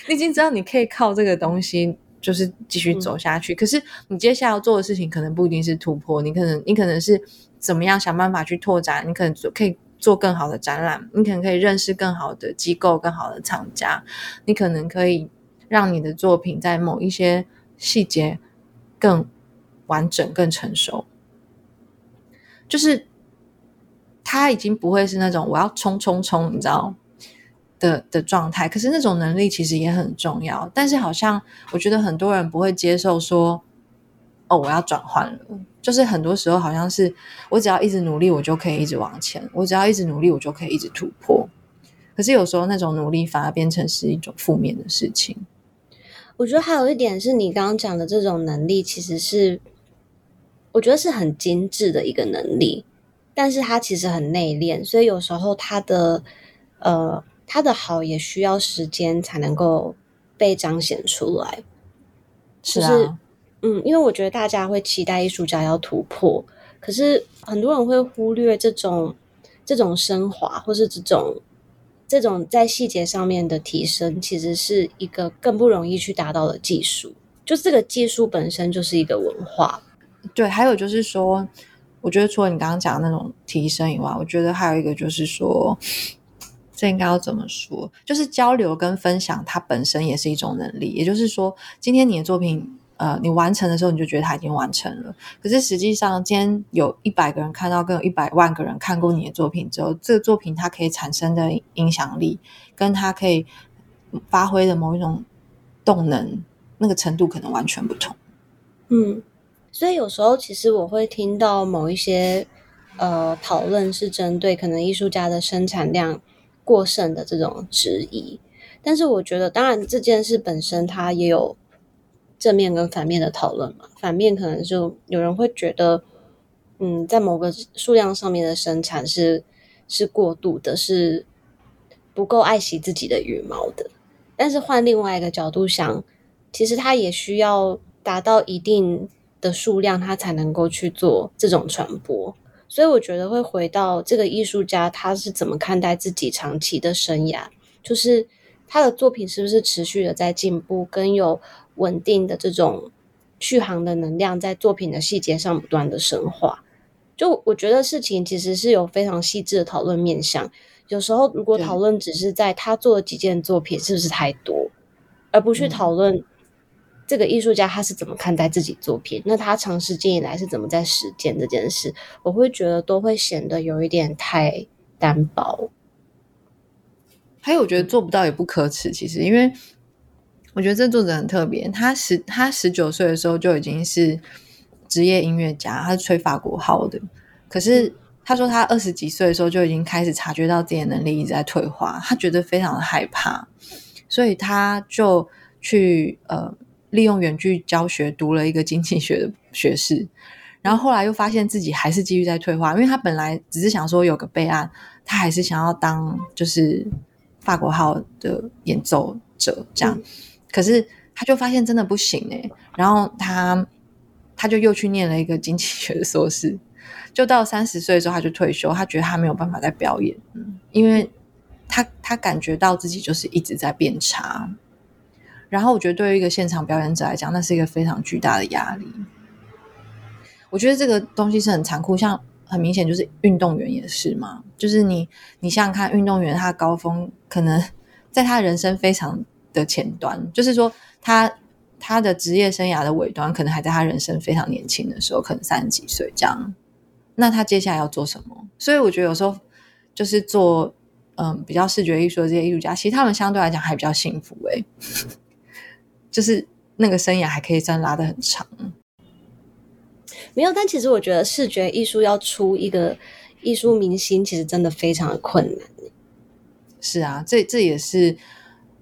你已經知道你可以靠這個東西。就是繼續走下去，嗯。可是你接下來要做的事情可能不一定是突破，你可能你可能是怎麼樣想辦法去拓展，你可能可以做更好的展覽，你可能可以認識更好的機構、更好的廠家，你可能可以讓你的作品在某一些細節更完整、更成熟，就是他已經不會是那種我要衝衝衝，你知道。的的狀態，可是那種能力其實也很重要。但是好像我覺得很多人不會接受說，哦，我要轉換了。就是很多時候好像是我只要一直努力，我就可以一直往前；我只要一直努力，我就可以一直突破。可是有時候那種努力反而變成是一種負面的事情。我覺得還有一點是你剛剛講的這種能力，其實是我覺得是很精致的一個能力，但是它其實很內斂，所以有時候它的呃……他的好也需要時間才能夠被彰顯出來，是啊是，嗯，因為我覺得大家會期待藝術家要突破，可是很多人會忽略這種這種昇華，或是這種這種在細節上面的提升，其實是一個更不容易去達到的技術。就這個技術本身就是一個文化。對，還有就是說，我覺得除了你剛剛講的那種提升以外，我覺得還有一個就是說。這應該要怎麼說？就是交流跟分享，它本身也是一種能力。也就是說，今天你的作品，呃，你完成的時候，你就覺得它已經完成了。可是實際上，今天有一百個人看到，跟有一百萬個人看過你的作品之後，這個作品它可以產生的影響力，跟它可以發揮的某一種動能，那個程度可能完全不同。嗯，所以有時候其實我會聽到某一些呃討論是針對可能藝術家的生產量，過剩的這種質疑，但是我覺得，當然這件事本身它也有正面跟反面的討論嘛。反面可能就有人會覺得，嗯，在某個數量上面的生產是是過度的，是不夠愛惜自己的羽毛的。但是換另外一個角度想，其實它也需要達到一定的數量，它才能夠去做這種傳播。所以我覺得會回到這個藝術家，他是怎麼看待自己長期的生涯？就是他的作品是不是持續的在進步，跟有穩定的這種續航的能量，在作品的細節上不斷的深化。就我覺得事情其實是有非常細緻的討論面向。有時候如果討論只是在他做的幾件作品是不是太多，而不去討論。這個藝術家他是怎麼看待自己作品？那他長時間以來是怎麼在實踐這件事？我會覺得都會顯得有一點太單薄。還有，我覺得做不到也不可恥。其實，因為我覺得這作者很特別，他十他十九歲的時候就已經是職業音樂家，他是吹法國號的。可是他說他二十幾歲的時候就已經開始察覺到自己的能力一直在退化，他覺得非常的害怕，所以他就去呃。利用遠距教學讀了一個經濟學的學士，然後後來又發現自己還是繼續在退化，因為他本來只是想說有個備案，他還是想要當就是法國號的演奏者這樣，嗯，可是他就發現真的不行哎、欸，然後他他就又去念了一個經濟學的碩士，就到三十歲的時候他就退休，他覺得他沒有辦法再表演，因為他他感覺到自己就是一直在變差。然後我覺得，對於一個現場表演者來講，那是一個非常巨大的壓力。我覺得這個東西是很殘酷，像很明顯就是運動員也是嘛。就是你，你想想看，運動員他高峰可能在他人生非常的前端，就是說他他的職業生涯的尾端可能還在他人生非常年輕的時候，可能三十幾歲這樣。那他接下來要做什麼？所以我覺得有時候就是做嗯，呃，比較視覺藝術的這些藝術家，其實他們相對來講還比較幸福哎、欸。 <laughs> 就是那個生涯還可以真的拉得很長，沒有。但其實我覺得視覺藝術要出一個藝術明星，其實真的非常的困難。是啊，這這也是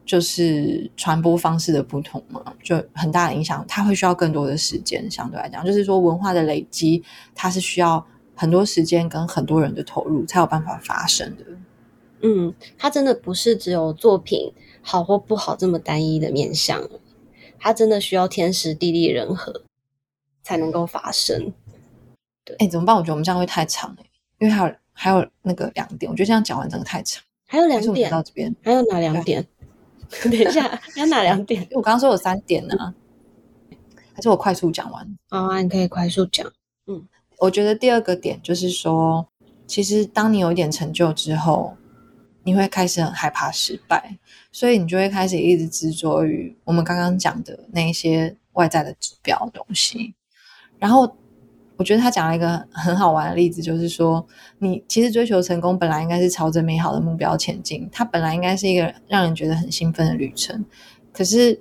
就是傳播方式的不同嘛，就很大的影響。它會需要更多的時間，相對來講，就是說文化的累積，它是需要很多時間跟很多人的投入才有辦法發生的。嗯，它真的不是只有作品好或不好這麼單一的面向。它真的需要天時地利人和才能夠發生。對，哎、欸，怎麼辦？我覺得我們這樣會太長了，欸，因為還有還有那個兩點，我覺得這樣講完整個太長。還有兩點到這邊，還有哪兩點？對 <laughs> 等一下，還有哪兩點？ <laughs> 因為我剛剛說有三點呢、啊，嗯、還是我快速講完？好、哦、啊，你可以快速講。嗯，我覺得第二個點就是說，其實當你有一點成就之後。你會開始很害怕失敗，所以你就會開始一直執着於我們剛剛講的那些外在的指標的東西。然後我覺得他講了一個很好玩的例子，就是說你其實追求成功本來應該是朝着美好的目標前進，它本來應該是一個讓人覺得很興奮的旅程。可是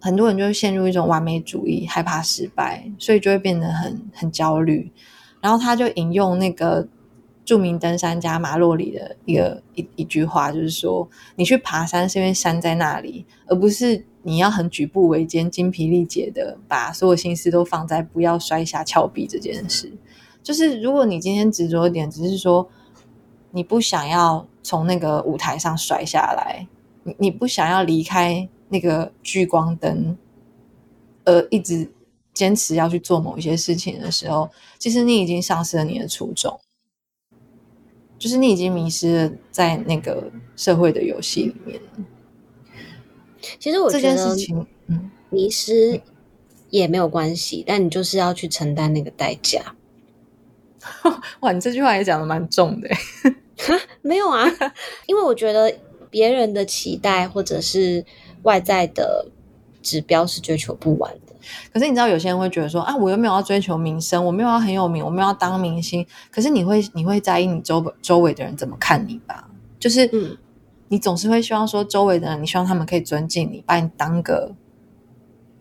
很多人就會陷入一種完美主義，害怕失敗，所以就會變得很很焦慮。然後他就引用那個。著名登山家馬洛里的一個一一,一句話，就是說：你去爬山是因為山在那裡，而不是你要很舉步維艱、精疲力竭的把所有心思都放在不要摔下峭壁這件事。就是如果你今天執着點，只是說你不想要從那個舞台上摔下來，你你不想要離開那個聚光燈，而一直堅持要去做某一些事情的時候，其實你已經喪失了你的初衷。就是你已經迷失了在那個社會的遊戲裡面。其實我覺得嗯，迷失也沒有關係，嗯嗯、但你就是要去承擔那個代價。哇，你這句話也講的蠻重的耶。 <laughs> 沒有啊，因為我覺得別人的期待或者是外在的指標是追求不完的。可是你知道，有些人會覺得說啊，我又沒有要追求名聲，我沒有要很有名，我沒有要當明星。可是你會，你會在意你周周圍的人怎麼看你吧？就是你總是會希望說，周圍的人，你希望他們可以尊敬你，把你當個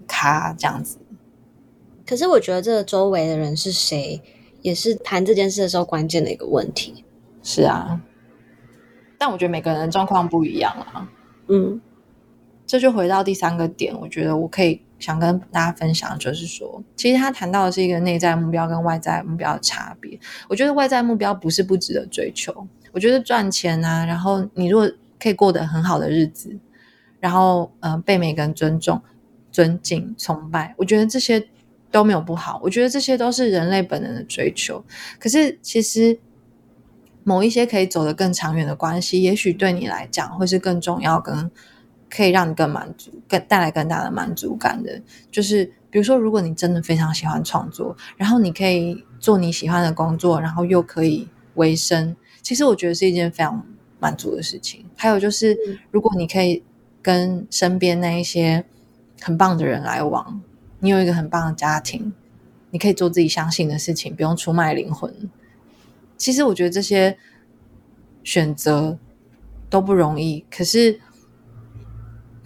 咖，這樣子。可是我覺得，這個周圍的人是誰，也是談這件事的時候關鍵的一個問題。是啊，但我覺得每個人的狀況不一樣啊。嗯，這就回到第三個點，我覺得我可以。想跟大家分享，就是說，其實他談到的是一個內在目標跟外在目標的差別。我覺得外在目標不是不值得追求。我覺得賺錢啊，然後你如果可以過得很好的日子，然後呃被每個人尊重、尊敬、崇拜，我覺得這些都沒有不好。我覺得這些都是人類本能的追求。可是其實某一些可以走得更長遠的關係，也許對你來講會是更重要跟可以讓你更滿足、更帶來更大的滿足感的，就是比如說，如果你真的非常喜歡創作，然後你可以做你喜歡的工作，然後又可以維生，其實我覺得是一件非常滿足的事情。還有就是，嗯、如果你可以跟身邊那一些很棒的人來往，你有一個很棒的家庭，你可以做自己相信的事情，不用出賣靈魂。其實我覺得這些選擇都不容易，可是，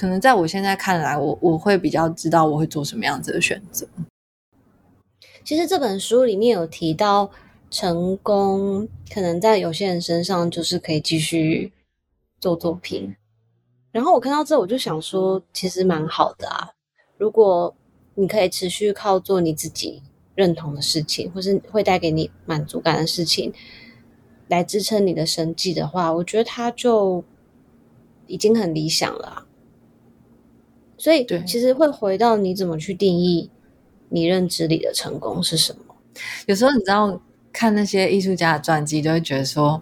可能在我現在看來，我我會比較知道我會做什麼樣子的選擇。其實這本書裡面有提到，成功可能在有些人身上就是可以繼續做作品。然後我看到這，我就想說，其實蠻好的啊。如果你可以持續靠做你自己認同的事情，或是會帶給你滿足感的事情來支撐你的生計的話，我覺得他就已經很理想了啊。所以，其實會回到你怎麼去定義你認知裡的成功是什麼？有時候你知道看那些藝術家的傳記，就會覺得說，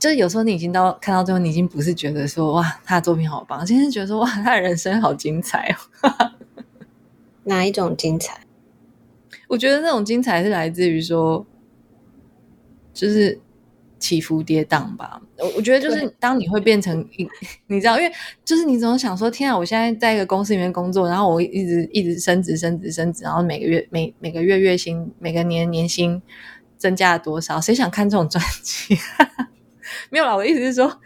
就是有時候你已經到看到最後，你已經不是覺得說哇他的作品好棒，而是覺得說哇他的人生好精彩哦。呵呵。哪一種精彩？我覺得那種精彩是來自於說，就是起伏跌宕吧。我我覺得就是當你會變成，你知道，因為就是你總想說，天啊，我現在在一個公司裡面工作，然後我一直一直升職升職升職，然後每個月每每個月月薪，每個年年薪增加了多少？誰想看這種專輯？沒有啦，我意思是說，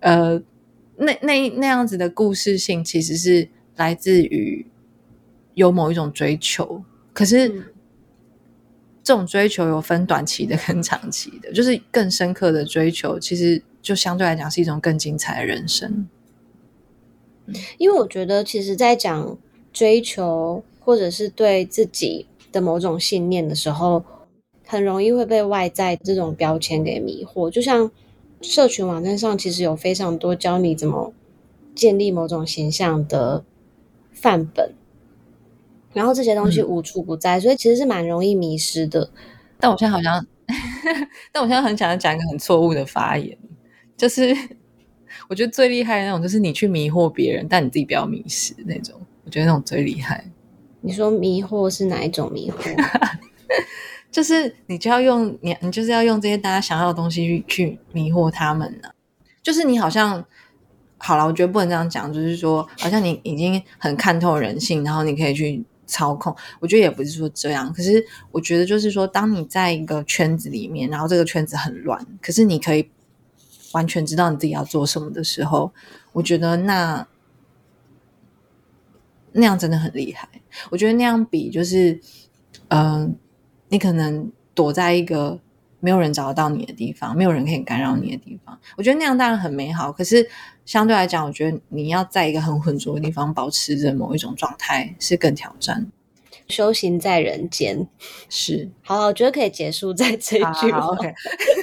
呃，那那那樣子的故事性其實是來自於有某一種追求，可是。嗯這種追求有分短期的跟長期的，就是更深刻的追求，其實就相對來講是一種更精彩的人生。因為我覺得，其實，在講追求或者是對自己的某種信念的時候，很容易會被外在這種標籤給迷惑。就像社群網站上，其實有非常多教你怎麼建立某種形象的範本。然後這些東西無處不在，嗯、所以其實是蠻容易迷失的。但我現在好像，呵呵但我現在很想要講一個很錯誤的發言，就是我覺得最厲害的那種，就是你去迷惑別人，但你自己不要迷失那種。我覺得那種最厲害。你說迷惑是哪一種迷惑？ <laughs> 就是你就要用你，你就是要用這些大家想要的東西去去迷惑他們呢、啊？就是你好像好了，我覺得不能這樣講，就是說好像你已經很看透人性，然後你可以去。操控，我覺得也不是說這樣。可是我覺得，就是說，當你在一個圈子裡面，然後這個圈子很亂，可是你可以完全知道你自己要做什麼的時候，我覺得那那樣真的很厲害。我覺得那樣比就是，嗯、呃，你可能躲在一個。沒有人找得到你的地方，沒有人可以干擾你的地方。我覺得那樣當然很美好，可是相對來講，我覺得你要在一個很渾濁的地方保持着某一種狀態是更挑戰。修行在人間，是好，我覺得可以結束在這一句哦。啊 okay，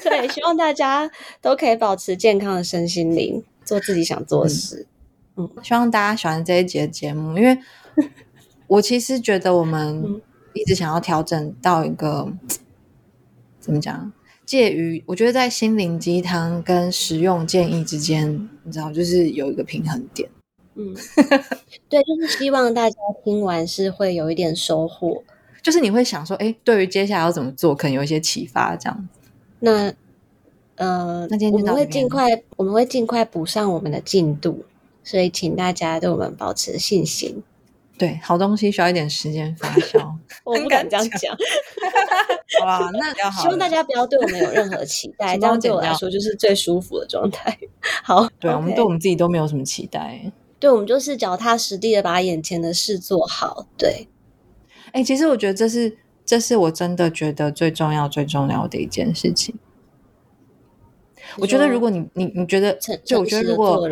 <laughs> 對，希望大家都可以保持健康的身心靈，做自己想做的事，嗯。嗯，希望大家喜歡這一節節目，因為我其實覺得我們一直想要調整到一個。怎麼講？介於我覺得在心靈雞湯跟實用建議之間，你知道，就是有一個平衡點。 <laughs> 嗯，對，就是希望大家聽完是會有一點收穫，就是你會想說，誒，對於接下來要怎麼做，可能有一些啟發。這樣，那呃，那今天呢，我們會盡快，我們會盡快補上我們的進度，所以請大家對我們保持信心。對，好東西需要一點時間發酵。 <laughs> 我不敢這樣講。 <laughs> 好啦，那好希望大家不要對我們有任何期待。 <laughs> 樣，這樣對我來說就是最舒服的狀態。好，對，Okay 我們對我們自己都沒有什麼期待。對，我們就是腳踏實地的把眼前的事做好。對。哎、欸，其實我覺得這是，這是我真的覺得最重要、最重要的一件事情。我覺得，如果你，你，你覺得，程就我覺得，如果。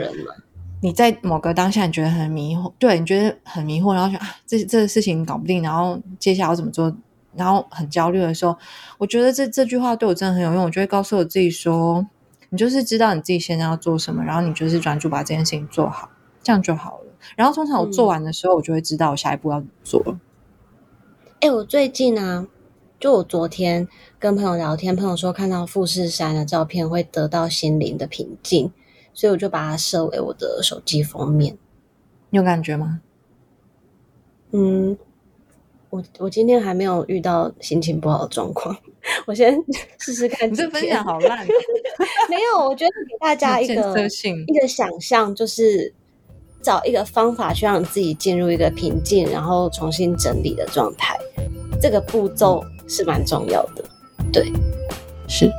你在某個當下，你覺得很迷惑，對，你覺得很迷惑，然後想啊，這這個事情搞不定，然後接下來要怎麼做，然後很焦慮的時候，我覺得這這句話對我真的很有用，我就會告訴我自己說，你就是知道你自己現在要做什麼，然後你就是專注把這件事情做好，這樣就好了。然後通常我做完的時候，我就會知道我下一步要怎麼做了。嗯。誒，我最近啊，就我昨天跟朋友聊天，朋友說看到富士山的照片會得到心靈的平靜。所以我就把它設為我的手機封面，你有感覺嗎？嗯，我我今天還沒有遇到心情不好的狀況，我先試試看。 <laughs> 你這分享好爛， <laughs> <laughs> 沒有，我覺得給大家一個 <laughs> 一個想象，就是找一個方法去讓自己進入一個平靜，然後重新整理的狀態，這個步驟是蠻重要的。對，是。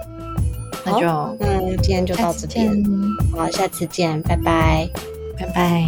好那就，那今天就到這邊，好，下次見，拜拜，拜拜。